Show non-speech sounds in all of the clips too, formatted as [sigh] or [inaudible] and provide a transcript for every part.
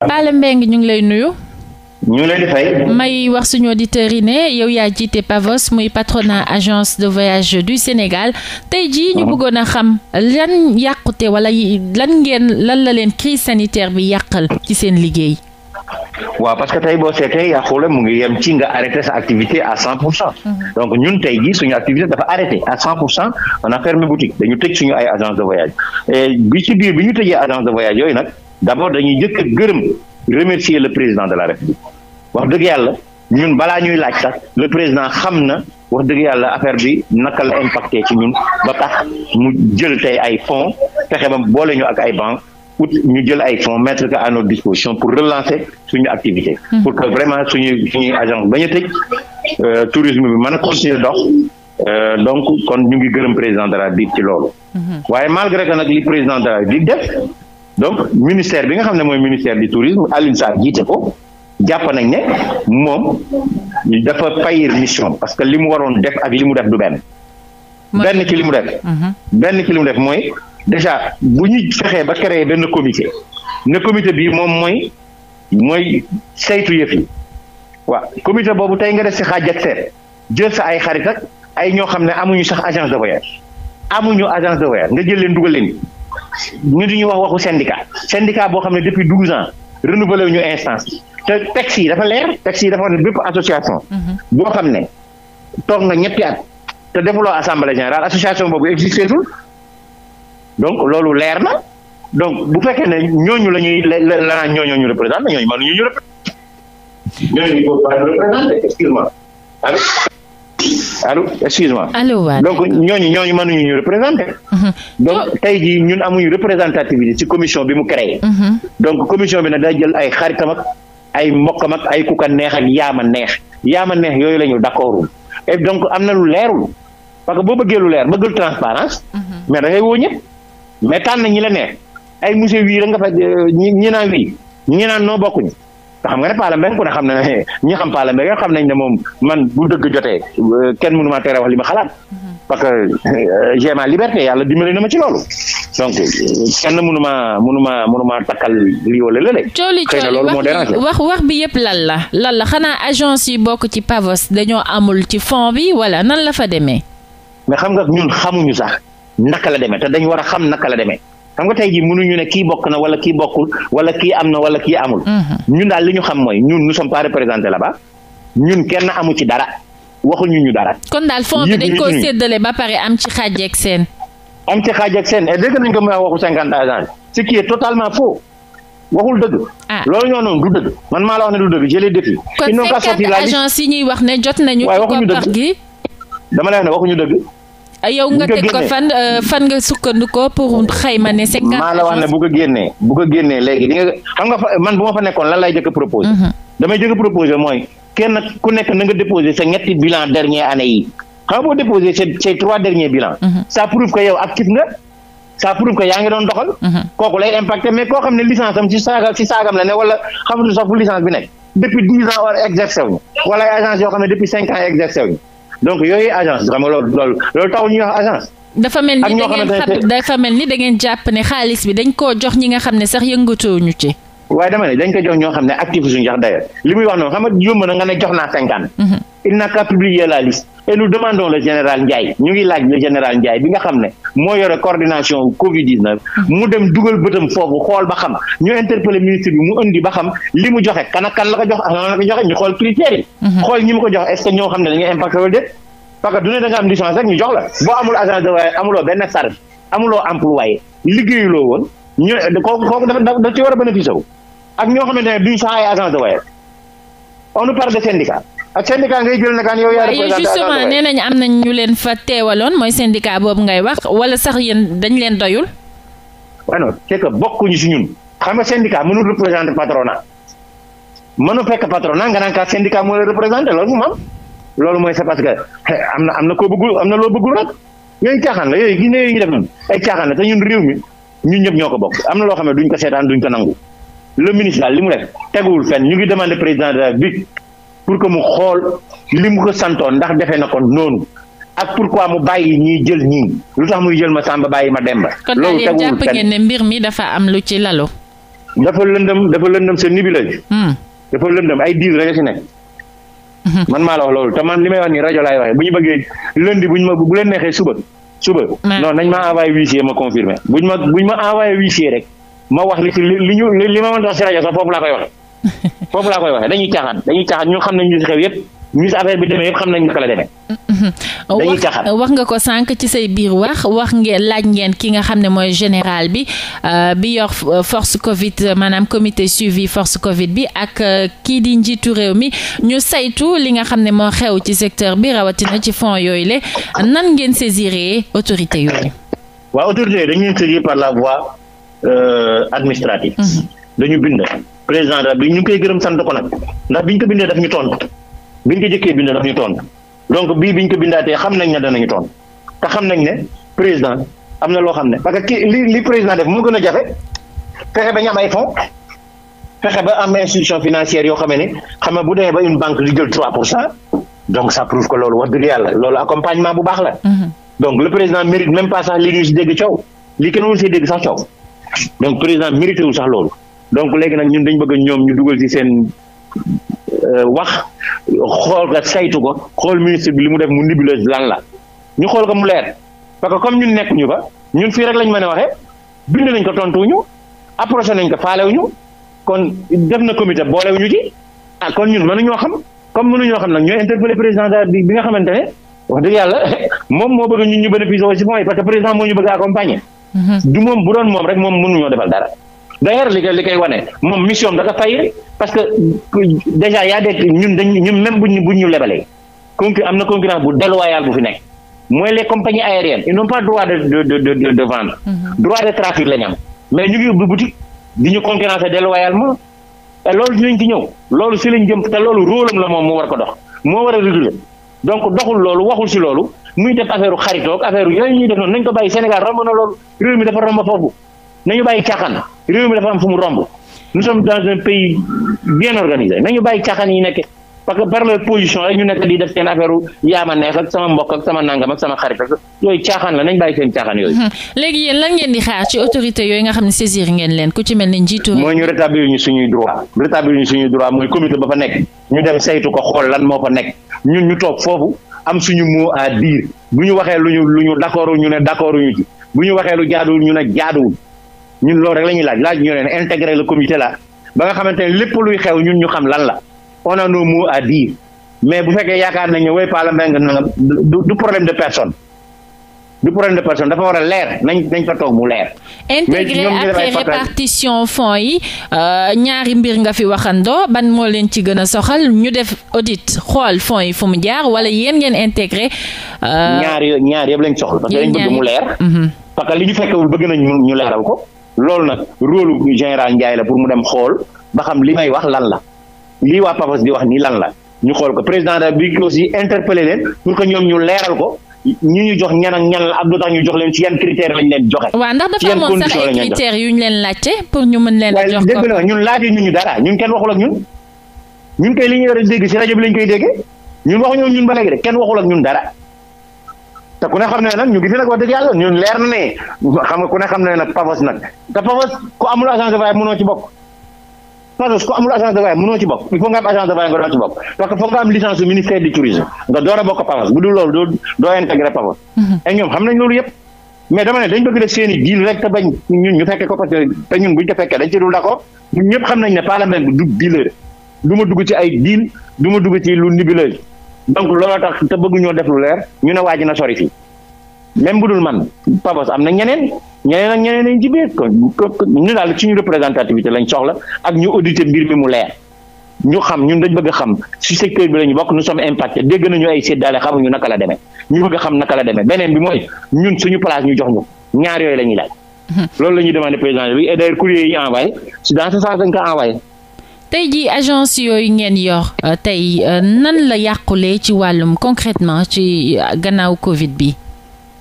Alla ngi ñu ngi lay nuyu. ñu ngi leen di fay. may wax suñu auditeurs yi ne yow yaa jiite PAVOS muy patronat agence de voyage du Sénégal tey jii ñu mhm. bëggoon a xam lan yàqute wala lan ngeen lan la leen crise sanitaire bi yàqal ci seen liggéey. waaw parce que tey boo seetee yaa xoole mu ngi yem ci nga arrêté sa activité à cent pour cent mhm. donc ñun tey jii suñu activité dafa arrêté à cent pour cent on a fermé boutique dañu tëj suñu ay agence de voyage et bi ci biir bi ñu tëjee agence de voyage yooyu nag. d' abord dañuy njëkk a gërëm remercier le président de la république wax dëgg yàlla ñun balaa ñuy laaj sax le président xam na wax dëgg yàlla affaire bi naka la impacté ci ñun ba tax mu jël tey ay fonds fexe ba boole ñu ak ay banques ut ñu jël ay fonds mettre ko à notre disposition pour relancer suñu activité. pour que vraiment suñuy suñuy agence bañ a tëj euh, tourisme bi mën a continuer dox. Euh, donc kon ñu ngi gërëm président de la République ci loolu. waaye malgré que nag donc ministère bi nga xam ne mooy ministère du tourisme Alioune Sarr jiite ko jàpp nañ ne moom dafa payir mission parce que li mu waroon def ak li mu def du benn. benn ci li mu def. Mhm. benn ci li mu def mooy déjà bu ñu fexee ba créer benn comité ne comité bii moom mooy mooy saytu yëf yi waaw comité boobu tey nga def si xaaj ak jël sa ay xarit ak ay ñoo xam ne amuñu sax agence de voyage amuñu agence de voyage nga jël leen dugal leen. ñu di ñu wax waxu syndicat syndicat boo xam ne depuis douze ans renouvelé ñu instance te texte yi dafa leer texte yi dafa wax ne bépp association mhm. boo xam ne toog nga ñetti at te defuloo donc loolu leer na donc bu fekkee ne ñooñu la la la ñooñu ñu représenté ñooñu mënuñu ñu représenté. ñooñu allo excuse-moi. allo waaw donc ñooñu ñooñu mënuñu ñu représenter. Mhm. donc tey jii ñun amuñu représentativité ci commission bi mu créé. Mhm. donc commission bi nag day jël ay xaritam ak ay mbokkam ak ay kuka neex ak yaama neex yaama neex yooyu la ñu d'accordul et donc am na lu leerul parce que boo bëggee lu leer bëggul transparence mhm. mais da ngay mais tànn ñi la neex ay monsieur wii la nga fa euh, ñi ñi naan wii ñi naan noo bokkuñu. xam nga ne Paalambeng ku ne xam na ne ñi xam Paalambeng xam nañ ne moom man bu dëgg jotee euh, kenn mënu maa tere wax li ma xalaat parce que euh, j'ai ma liberté yàlla dimbali na ma ci loolu donc kenn mënu maa mënu maa mënu maa takkal lii wala lële. xëy na loolu moo dérangé wax wax bi yëpp lan la lan la xanaa agence yi bokk ci Pavos dañoo amul ci fon bi wala nan la fa demee. mais xam nga ñun xamuñu sax naka la demee te dañu war a xam naka la demee. xam nga tey jii mënuñu ne kii bokk na wala kii bokkul wala kii am na wala kii amul. Mhm. ñun daal li ñu xam mooy ñun nous sommes pas représentés la ba ñun kenn amu ci dara waxuñu ñu dara. kon daal fond bi dañ koo séddale ba pare am ci xaaj ak seen. am ci xaaj ak seen et eh, dégg nañ ko ma waxu cinquante agents ce qui est totalement faux. waxul dëgg. ah loolu ñoo noonu du dëgg. man la wax ne du dëgg jëlee défi. inno nga sotti laaj kon agence yi ñuy wax ne jot nañu. waaye waxuñu dëgg gi. dama lay wax ne waxuñu dëgg. Ah, yow nga teg ko fan euh, fan nga sukkandikoo pour xayma ne. c'est maa la wax ne bu ko génnee bu léegi li nga xam nga fa man bu ma fa nekkoon lan lay jëkk proposé. Mhm. damay jëkk proposé mooy kenn ku nekk na nga déposé sa ñetti bilan dernière année yi xam nga boo déposé ces trois derniers bilans. Mhm. ça prouve que yow actif nga. ça prouve que yaa ngi doon doxal. Mhm. kooku lay impacté mais koo xam ne licence am ci saaga ci saagam la ne wala xamatu sax fu licence bi nekk. depuis dix wala ay yoo xam ne depuis cinq ans donc yooyu agence xam nga loolu loolu loolu taxul ñuy agence. dafa mel ni da ngeen xam dafa mel ni da ngeen jàpp ne xaalis bi dañ koo jox ñi nga xam ne sax yëngatuwuñu ci. waaye dama ne dañ ko jox ñoo xam ne actif suñu jax d'ailleurs li muy wax noonu xam nga yomb na nga ne jox naa cinquante mhm. il n'a qu'à publier la liste et nous demandons le général Ndiaye ñu ngi laaj le général Ndiaye bi nga xam ne moo yore coordination Covid 19 mhm. mu dem dugal bëtam foofu xool ba xam ñu interpellé ministre bi mu indi ba xam li mu joxe kan kan la ko jox ak la ko joxe ñu xool critères mhm. xool ñi mu ko jox est que ñoo xam ne dañu impacté wala déet que du ne da nga rek ñu jox la boo amul agence de voyage amuloo benn sar amuloo employé liggéeyuloo woon ñu ko kooku kooku dafa dafa ci war a bénéficié wu ak ñoo xam ne duñ sax ay agence de voyage on nous de syndicat ak syndicat ngay jël nakaan yow yaa représenté waaye justement nee nañ am nañ ñu leen fa teewaloon mooy syndicat boobu ngay wax wala sax yéen dañ leen doyul waaye non c'est que bokkuñu si ñun xam nga syndicat mënul représenté patronat mënu fekk patronat nga naan kaa syndicat moo leen représenté loolu moom loolu mooy sa parce que am na am na koo bëggul am na loo bëggul rek yooyu caaxaan la yooyu gis nga yooyu ñu def noonu ay caaxaan la te ñun ñëpp ñoo ko bokk am na loo xam ne duñ ko seetaan duñ ko nangu le ministre daal li mu def teguwul fenn ñu ngi demandé président de la pour que mu xool li ko santoon ndax defee na ko noonu ak pourquoi mu bàyyi ñiy jël ñii lu tax muy jël ma Samba bàyyi ma Demba. loolu teguwul fenn kon jàpp ngeen mi dafa am lu ci lalo. dafa lëndëm dafa lëndëm sa nibulage. Hmm. dafa lëndëm ay diir rek hmm. la wax loolu te man li may wax nii rajo laay waxee bu ñu bëggee lundi bu ñu ma bu leen neexee suba. suba. non nañ ma envoyé huissier ma confirmé buñ ma buñ ma envoyé huissier rek ma wax li li ñu li ma mën a wax si rajo laa koy waxee. foofu laa koy waxee [laughs] dañuy caaxaan dañuy caaxaan ñu xam ne ñu si xew yëpp. ñu affaire bi demee yëpp xam nañ naka la demee. wax nga ko sànq ci say biir wax wax ngeen laaj ngeen ki nga xam ne mooy général bi euh, bi yor euh, force Covid maanaam comité suivi force Covid bi ak euh, kii di njiitu réew mi ñu saytu li nga xam ne moo xew ci secteur bi rawatina ci fonds yooyu le nan ngeen saisiré autorité yooyu. waaw autorité dañu leen saisir par mhm. dañu bind président bi ñu koy gërëm sant ko nag ndax bi ñu ko bindee daf ñu tontu. biñ ko jëkkee bind daf ñu tontu donc bii biñ ko bindaatee xam nañ ne danañu toon te xam nañ ne président am na loo xam ne parce que ki li li président def moo gën a jafe fexe ba ñu am ay fonds fexe ba am institution financière yoo xam ne xam nga bu dee ba une banque li jël 3 pour cent donc ça prouve que loolu wax dëgg yàlla loolu accompagnement bu baax la. Mm-hmm. donc le président mérite même pas sax li ñu si dégg coow li kenn wul si dégg sax coow donc président mérité sax loolu donc léegi nag ñun dañ bëgg ñoom ñu dugal ci seen. Euh, wax xool nga saytu ko xool ministre bi li mu def mu nébuleuse lan la ñu xool ko mu leer parce que comme ñun nekkuñu fa ñun fii rek lañ mën a waxee bind nañ ko tontuwuñu approché nañ ko faalewuñu kon def na comité boolewuñu ci ah kon ñun mënuñoo xam comme mënuñoo xam nag ñooy interpellé président bi bi nga xamante ne wax dëgg yàlla [laughs] moom moo bëgg ñun ñu bénéficier aussi fonds yi parce que président moo ñu bëgg accompagner. Mm-hmm. du moom bu doon moom d'ailleurs li koy li wane moom mission dafa fay parce que déjà yaa dégg ñun dañ ñun même buñ buñ ñu lebalee concu am na concurrence bu déloyale bu fi nekk mooy les compagnies aériennes ils n'ont pas de de de de vendre. Mhm. de trafic la ñu am mais ñu ngi ubbi boutique di ñu concurrencer déloyalement te loolu dinañ ci loolu si lañ jëm te loolu rôle am la moom mu war ko dox moo war a réguler donc doxul loolu waxul si loolu muy def affaire xaritook affaire yooyu ñuy def noonu nañ ko bàyyi Sénégal romb na loolu réew mi dafa romb réew mi dafa am fu mu romb nous sommes dans un pays bien organisé nañu bàyyi caaxaan yi nekk parce que par la position rek ñu nekk di def seen affaire yaa ma ak sama mbokk ak sama nangam ak sama xarit ak yooyu caaxaan la nañ bàyyi seen caaxaan yooyu. Hmm. léegi yéen lan ngeen di xaar ci autorité yooyu nga xam ne saisir ngeen leen ku ci mel ni njiitu. mooy ñu rétablir ñu suñuy droit rétablir ñu suñuy droit mooy comité ba fa nekk ñu dem saytu ko xool lan moo fa nekk ñun ñu toog foofu am suñu mot à dire bu ñu waxee lu ñu lu ñu d'accord ñu ne d'accord ñu ci bu ñu waxee lu jaaduwul ñu ne jaaduwul. ñun loolu rek la ñuy laaj laaj ñu leen intégrer le comité là ba nga xamante ne lépp luy xew ñun ñu xam lan la on a nos mots à dire mais bu fekkee yaakaar nañ ne way Palla Mbengue na du problème de personne du problème de personne dafa war a leer nañ nañ fa toog mu leer. a ak répartition fonds yi euh, ñaari mbir nga fi waxandoo ban moo leen ci gën a soxal ñu def audit xool fonds yi fu mu jaar wala yéen ngeen intégré. ñaar yëpp ñaar yëpp lañ soxla. parce que dañ bëgg mu leer. Mhm. parce que li ñu fekkewul bëgg nañ ko. loolu nag rôle général Ndiaye la pour mu dem xool ba xam li may wax lan la lii waa Papas bi wax nii lan la ñu xool ko président de bi aussi interpellé leen pour que ñoom ñu leeral ko ñu ñu jox ñan ñan la ak lu tax ñu jox leen ci yan critères lañ leen joxe. waaw ndax dafa amoon sax ay critères yu ñu leen laajte pour ñu mën leen a jox ko dégg na ñun laajee ñun ñu dara ñun kenn waxul ak ñun ñun kay li ñu war a dégg si rajo bi lañ koy déggee ñun waxuñu ñun ba l kenn waxul ak ñun dara te ku ne xam ne nag ñu ngi fi nag wax dëgg yàlla ñun leer na ne xam nga ku ne xam ne nag Pavos nag te Pavos ci bokk Pavos ku amul agence de voyage mënoo ci bokk il faut nga am agence de voyage mhm. nañ loolu yëpp. mais dama ne dañ bëgg def ñu fekkee ko parce que te ñun buñ ko fekkee dañ ñëpp xam nañ ne parlement bi du diileur du ma dugg ci ay diil du ma dugg ci lu nibileuse donc looloo tax te bëgguñoo def lu leer ñu ne waaj na sori fii même bu dul man Pabos am na ñeneen ñeneen ak ñeneen lañ ci biir kon ñu daal suñu représentativité lañ soxla ak ñu auditer mbir mi mu leer ñu xam ñun dañ bëgg xam si secteur bi lañu bokk nous sommes impactés dégg nañu ay séddaale xamuñu naka la demee ñu bëgg xam naka la demee beneen bi mooy ñun suñu place ñu jox ñu ñaar yooyu la ñuy laaj. loolu la ñuy demandé président bi et d'ailleurs courrier yi envoyé si dans ce sens dañ ko envoyé. tey jii agence yooyu ngeen yor euh, tey euh, nan la yàqulee ci wàllum concrètement ci euh, gannaaw Covid bi.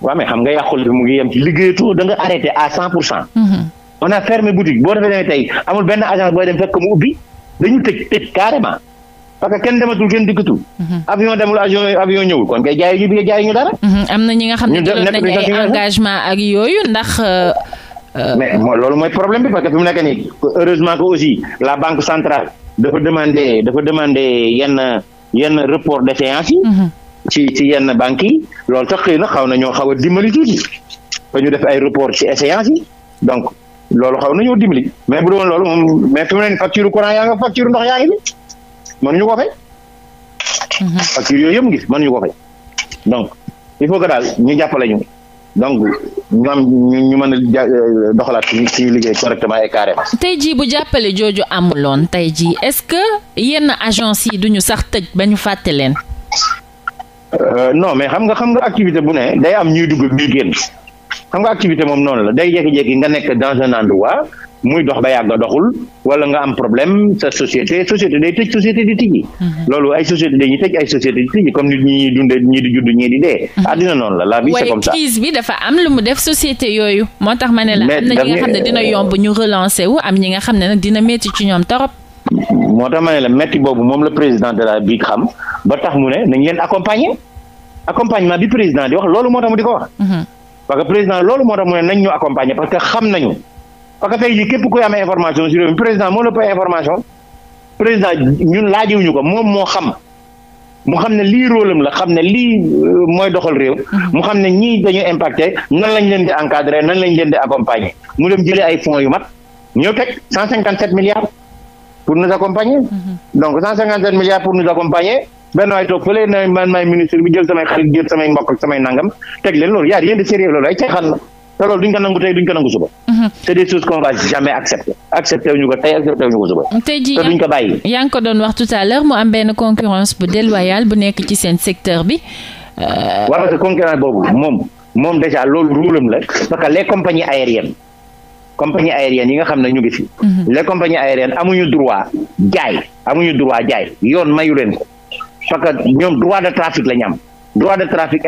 waaw mais xam nga yàqule bi mu ngi yem ci liggéeyatoo da nga arrêté à cent pour cent. Mhm. on a fermé boutique boo defee ne tey amul benn agence booy dem fekk mu ubbi dañu tëj tëj carrément parce que kenn dematul kenn dikkatul. Mhm. avion demul avion avion ñëwul kon kay jaay ñu bi jaay ñu dara. Mhm. am na ñi nga xam ne jëloon nañ ay engagement ak yooyu ndax. Euh, mais loolu mooy problème bi parce que fi mu nekk nii heureusement que aussi la banque centrale dafa demander dafa demander yenn yenn report de séance yi. Mhm. ci ci yenn banques yi loolu sax xëy na xaw na ñoo xaw a dimbali tuuti ba ñu def ay report ci séance donc loolu xaw na ñoo dimbali mais bu doon loolu moom mais fi mu ne facture courant yaa nga facture ndox yaa ngi fi mënuñu ko fay. Mhm. facture yooyu yëpp ngi mënuñu ko fay donc il faut que daal ñu jàppale ñu. donc ñoom ñu mën a euh, doxalaat suñu liggéey correctement et carrément. tey jii bu jàppale jooju amuloon tey jii est-ce que yenn agence yi duñu sax tëj ba ñu fàtte leen. Euh, non mais xam nga xam nga activité bu ne day am ñuy dugg ñuy génn xam nga activité moom noonu la day jékki-jékki nga nekk dans un endroit. muy dox ba yàgg doxul wala nga am problème sa société société day tëj société di tijji mhm. loolu ay société dañuy tëj ay société di tijji comme nit ñi dundee ñii di judd ñii di dee mhm. àddina noonu la la vie comme ça bi dafa am lu mu def société yooyu moo tax ma ne la am na ñi nga xam ne dina yomb la métti boobu moom la président de la bi xam ba tax mu ne nañ leen accompagner accompagnement bi président di wax loolu moo tax mu di ko wax mhm. parce que président loolu moo tax mu ne nañ ñu accompagner parce que tey jii képp kuy am information si réew mi président moo la pay information président ñun laajiwuñu ko moom moo xam mu xam ne lii rôlam la xam ne lii euh, mooy doxal réew mm-hmm. mu xam ne ñii dañu impacte nan lañ leen di encadrer nan lañ leen di accompagner mu dem jëlee ay fonds yu mat ñëw teg cent cinquante sept milliards pour nous accompagner mm-hmm. donc cent cinquante sept milliards pour nous accompagner benn waay toog fële na man maay ministre bi jël samay xarit jël samay mbokk samay nangam teg leen loolu y a rien de sérieux loolu ay te duñ ko nangu tey duñ ko nangu suba. c'est mhm. des choses qu'on va jamais accepter accepter wu ko suba. tey duñ ko bàyyi. yaa ko doon wax tout mu am benn concurrence bu déloyale bu nekk ci seen secteur bi. Euh, waaw parce que concurrence boobu moom moom déjà loolu ruulam la parce que les compagnies aériennes compagnies aériennes yi nga xam ne ñu ngi fi. Mhm. les compagnies aériennes amuñu droit jaay amuñu droit jaay yoon mayu leen ko parce que ñoom droit de trafic la ñu am droit de trafic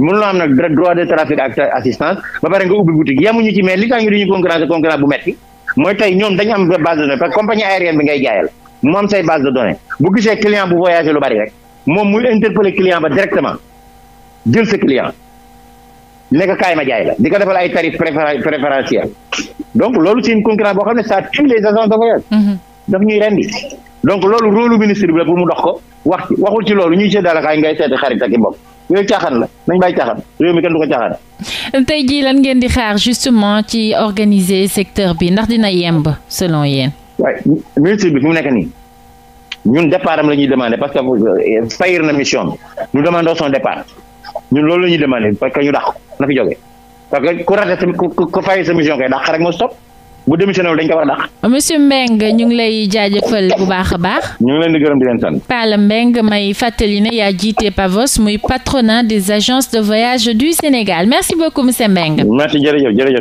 mënuloo am nag droit de trafic ak assistance ba pare nga ubbi boutique yemuñu ci mais li tax ñu di ñu concurrence concurrence bu metti mooy tey ñoom dañu am base de données parce compagnie aérienne bi ngay jaayal mu am say base de données bu gisee client bu voyagé lu bari rek moom muy interpeller client ba directement jël sa client ne kaay ma jaay la di ka defal ay tarif préférentiel donc loolu c'est une concurrence boo xam ne ça tue les agences de voyage mm-hmm. daf ñuy rendi loolu rôle ministre mu dox ko wax ci waxul ci loolu ñuy seet daal kaay ngay seeti xarit ak i mbokk yooyu caaxaan la nañ bàyyi caaxaan réew mi kenn du ko caaxaan. tey jii lan ngeen di xaar justement ci organiser secteur bi ndax dina yemb selon yéen. waaye ministre bi fi mu nekk nii ñun départ am la ñuy demandé parce que euh, fayir na mission bi nous demandons son départ ñun loolu la ñuy demandé parce que ñu dàq na fi jógee parce que ku raté sa ku fayir sa mission kay dàq rek moo stop. bu démissionné dañ ko war a dàq. monsieur Mbengue ñu ngi lay jaajëfal bu baax a baax. ñu ngi leen di gërëm di leen sant. Palla Mbengue may fàttali ne yaa jiite PAVOS muy patronat des agences de voyage du Sénégal merci beaucoup monsieur Mbengue. merci jërëjëf jërëjëf.